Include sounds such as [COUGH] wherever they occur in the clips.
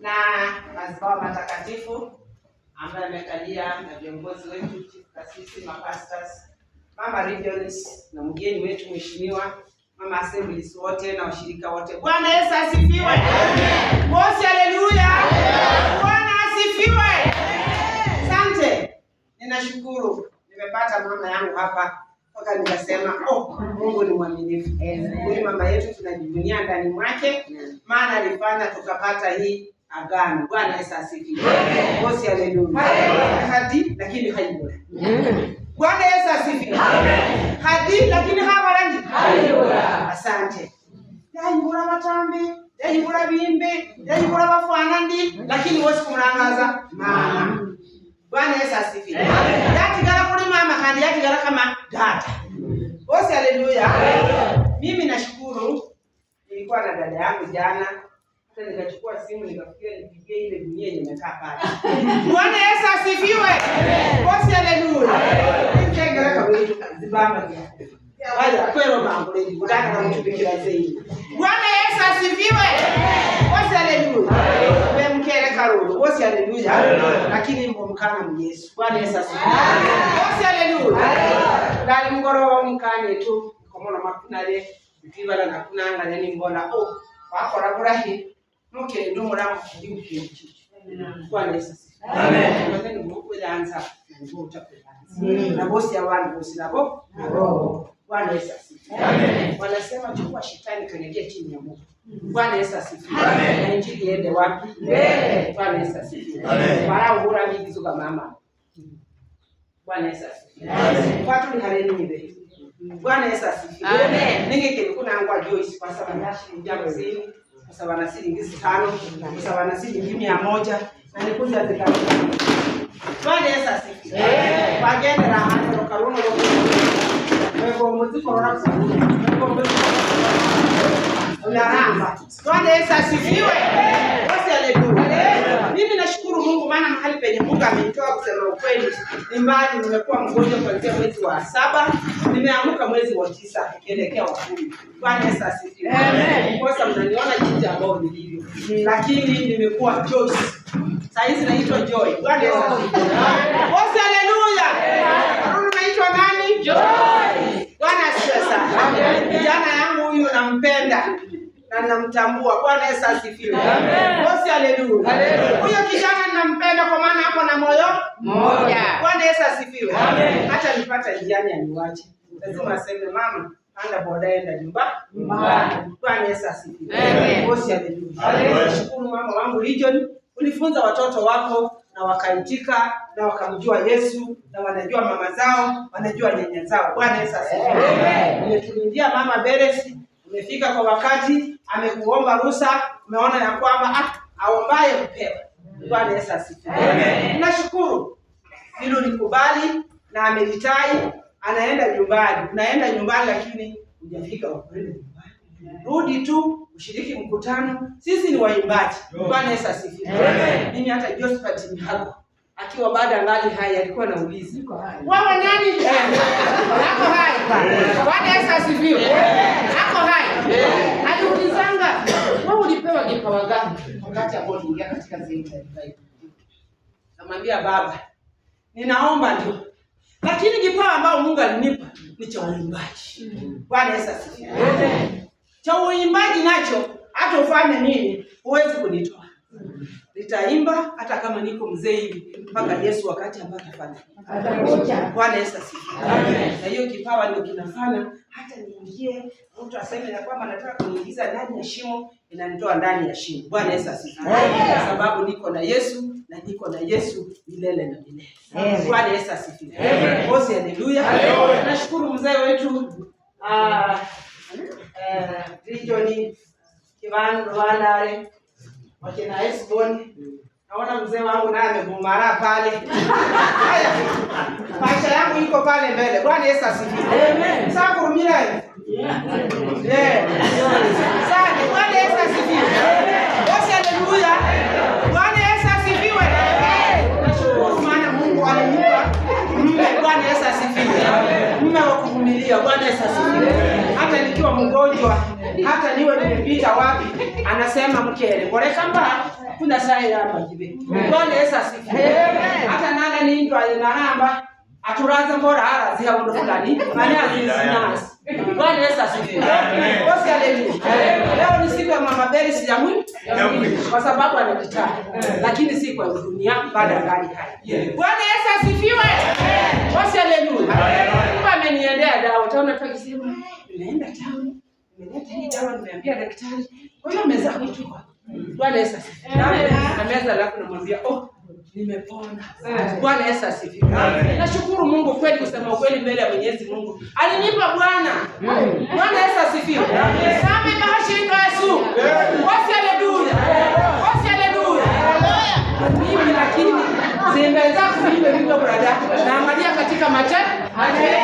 na mazibao matakatifu ambayo amekalia na viongozi wetu kasisi, mapastors, mama regions na mgeni wetu mheshimiwa mama assemblies wote na washirika wote. Bwana Yesu asifiwe! Mosi, haleluya! Bwana asifiwe! Asante, ninashukuru nimepata mama yangu hapa mpaka nikasema, oh, Mungu ni mwaminifu. Huyu mama yetu tunajivunia ndani mwake, maana alifanya tukapata hii agano. Bwana Yesu asifiwe. Bosi, haleluya. Hadi lakini haibora. Bwana Yesu asifiwe. Amen. Hadi lakini habarani. Haibora. Asante. Yayibora matambi, yayibora bimbe, yayibora bafana ndi lakini wosi kumrangaza mama. Bwana Yesu asifiwe. gara kuri mama kandi gara kama data. Bosi, haleluya. Mimi nashukuru nilikuwa na dada yangu jana sasa nikachukua simu nikafikia nipigie ile dunia yenye imekaa pale. [LAUGHS] Bwana Yesu asifiwe. Bosi haleluya. Nitengera kabisa zibamba Haya, kwero mambo leo kutaka na mtu bikira zaidi. Bwana Yesu asifiwe. Bosi haleluya. Wewe mkere karuru. Bosi haleluya. Lakini mbo mkana Yesu. Bwana Yesu asifiwe. Bosi haleluya. Dali mgoro mkane tu. Kwa Komona makunale. Bibiwa na kunanga yani mbona oh. Wako na furahi mukende omulamu kiri kintu kwanezazani bwokweranza nabootakweranza nabosia mm. na bosi na nabo Bwana Yesu asifiwe. Amen. Wanasema chukua shetani karejea chini ya Mungu. Mm. Bwana Yesu asifiwe. Amen. Na injili iende wapi? Mbele. Bwana Yesu asifiwe. Amen. Mara ngura mingi zuka mama. Bwana Yesu asifiwe. Amen. Watu ni haleni nibe. Bwana Yesu asifiwe. Amen. Ninge kile kuna angwa kwa isikwasa mandashi mjambo zini usawa na shilingi tano, usawa na shilingi mia moja na nikuja zikao. Twende sasa sisi. Eh unaramba. Bwana Yesu asifiwe. Mimi nashukuru Mungu maana mahali penye Mungu amenitoa kusema ukweli ni mbali. Nimekuwa mgonjwa kuanzia mwezi wa saba, nimeanguka mwezi wa tisa nikielekea wa kumi. Bwana Yesu asifiwe. Kosa mnaniona jinsi ambao nilivyo, lakini nimekuwa Joyce, saa hizi naitwa Joy. Bwana Yesu asifiwe. Haleluya. Unaitwa nani? Joy. Bwana asifiwe sana. Kijana yangu huyu nampenda na namtambua. Bwana Yesu asifiwe. Bosi, haleluya. Huyo kijana ninampenda kwa maana hapo na moyo mmoja. Bwana Yesu asifiwe. Hata nipata njiani aniwache, lazima aseme mama, anda boda, enda nyumbani. Bwana Yesu asifiwe. Bosi, haleluya. Shukuru mama wangu Region, ulifunza watoto wako na wakaitika na wakamjua Yesu na wanajua mama zao, wanajua nyanya zao. Bwana Yesu asifiwe. Tuliingia mama Beresi umefika kwa wakati, amekuomba ruhusa, umeona ya kwamba ah, aombaye kupewa. Bwana Yesu asifiwe. Nashukuru hilo likubali na amelitai, anaenda nyumbani. Unaenda nyumbani, lakini hujafika nyumbani, rudi tu ushiriki mkutano. Sisi ni waimbaji. Bwana Yesu asifiwe. Mimi hata Josephat Mihago akiwa bado angali hai alikuwa anauliza wewe nani? Ako hai Bwana Yesu asifiwe, ako hai. Aliulizanga, wewe ulipewa kipawa gani wakati ambao uliingia katika zile za revival? Namwambia Baba, ninaomba ndio, lakini kipawa ambao Mungu alinipa ni cha uimbaji. Bwana Yesu asifiwe. Cha uimbaji nacho hata ufanye nini huwezi kunitoa nitaimba hata kama niko mzee hivi mpaka mm. Yesu wakati ambapo atafanya. Bwana Yesu asifiwe. Amen. Na hiyo kipawa ndio kinafanya hata niingie mtu aseme na kwamba nataka kuingiza ndani ya shimo, inanitoa ndani ya shimo. Bwana Yesu asifiwe. Kwa sababu niko na Yesu na niko na Yesu milele na milele. Bwana Yesu asifiwe. Bosi, haleluya. Tunashukuru mzee wetu ah, eh, Region Kivan Rwanda wakina Esbon. Naona mzee wangu naye amegumara pale. Haya. Pasha yangu iko pale mbele. Bwana Yesu asifiwe. Amen. Sasa kurumia hivi. Yeah. Sasa Bwana Yesu asifiwe. Amen. Basi haleluya. Bwana Yesu asifiwe. Amen. Nashukuru maana Mungu alinipa mume. Bwana Yesu asifiwe. Amen. Mume wa kuvumilia. Bwana Yesu asifiwe. Hata nikiwa mgonjwa hata niwe nimepita wapi, anasema mkele kolekamba kuna saa ya sairamajive kolesa sifi hata nanga ni nindu alinaramba aturaza mbora hala zia haundu fulani mani azizinasi Bwana Yesu asifiwe. Kosi haleluya. Leo ni siku ya Mama Beri sijamwi kwa sababu anajitaka. Lakini si kwa dunia baada ya hai. haya. Bwana Yesu asifiwe. Kosi haleluya. Mungu ameniendea dawa. Utaona tu akisema naenda town dawa nimeambia daktari, kwa hiyo meza kuchukua Bwana Yesu asifiwe. Na meza alafu namwambia oh, nimepona. Bwana Yesu asifiwe. Nashukuru Mungu kweli, kusema kweli, mbele ya Mwenyezi Mungu alinipa Bwana. Bwana Yesu asifiwe. Sami bashirika Yesu. Wasi haleluya. Wasi haleluya. Mimi lakini zimeweza kuimba vivyo brada. Naangalia katika matendo.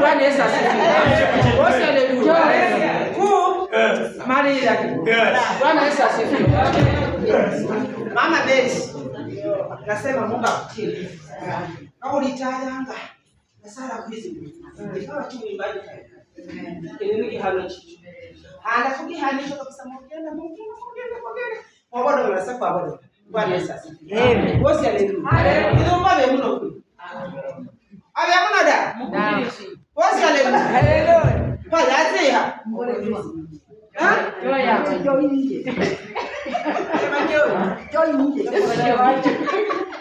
Bwana Yesu asifiwe. Bwana Yesu asifiwe. Mama Besi nasema Mungu akutende. Na ulitajanga na sala hizi. tu imani kinini kihalo chicho. Halafu kihalisho kabisa mwana Mungu mwana mwana. Mwabado mnasema mwabado. Bwana Yesu asifiwe. Amen. Wosi haleluya. Haleluya. Ndio mbabe mno kuli. Abi hamna da. Wosi haleluya. Haleluya. Pale atia. Njoo nje.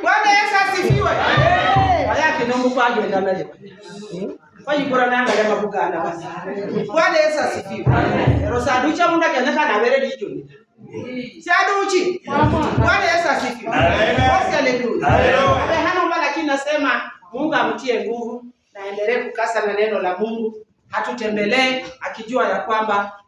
Bwana Yesu asifiwe. Ayake nombu kwaje ndanaje. Kwaje bora Rosa ducha munda kana kana bere dicho. Si aduchi. Bwana Yesu asifiwe. Haleluya. Haleluya. Hana mbona lakini nasema Mungu amtie nguvu na endelee kukasa na neno la Mungu. Hatutembelee akijua ya kwamba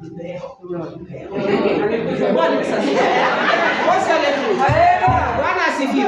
Bwana asifiwe.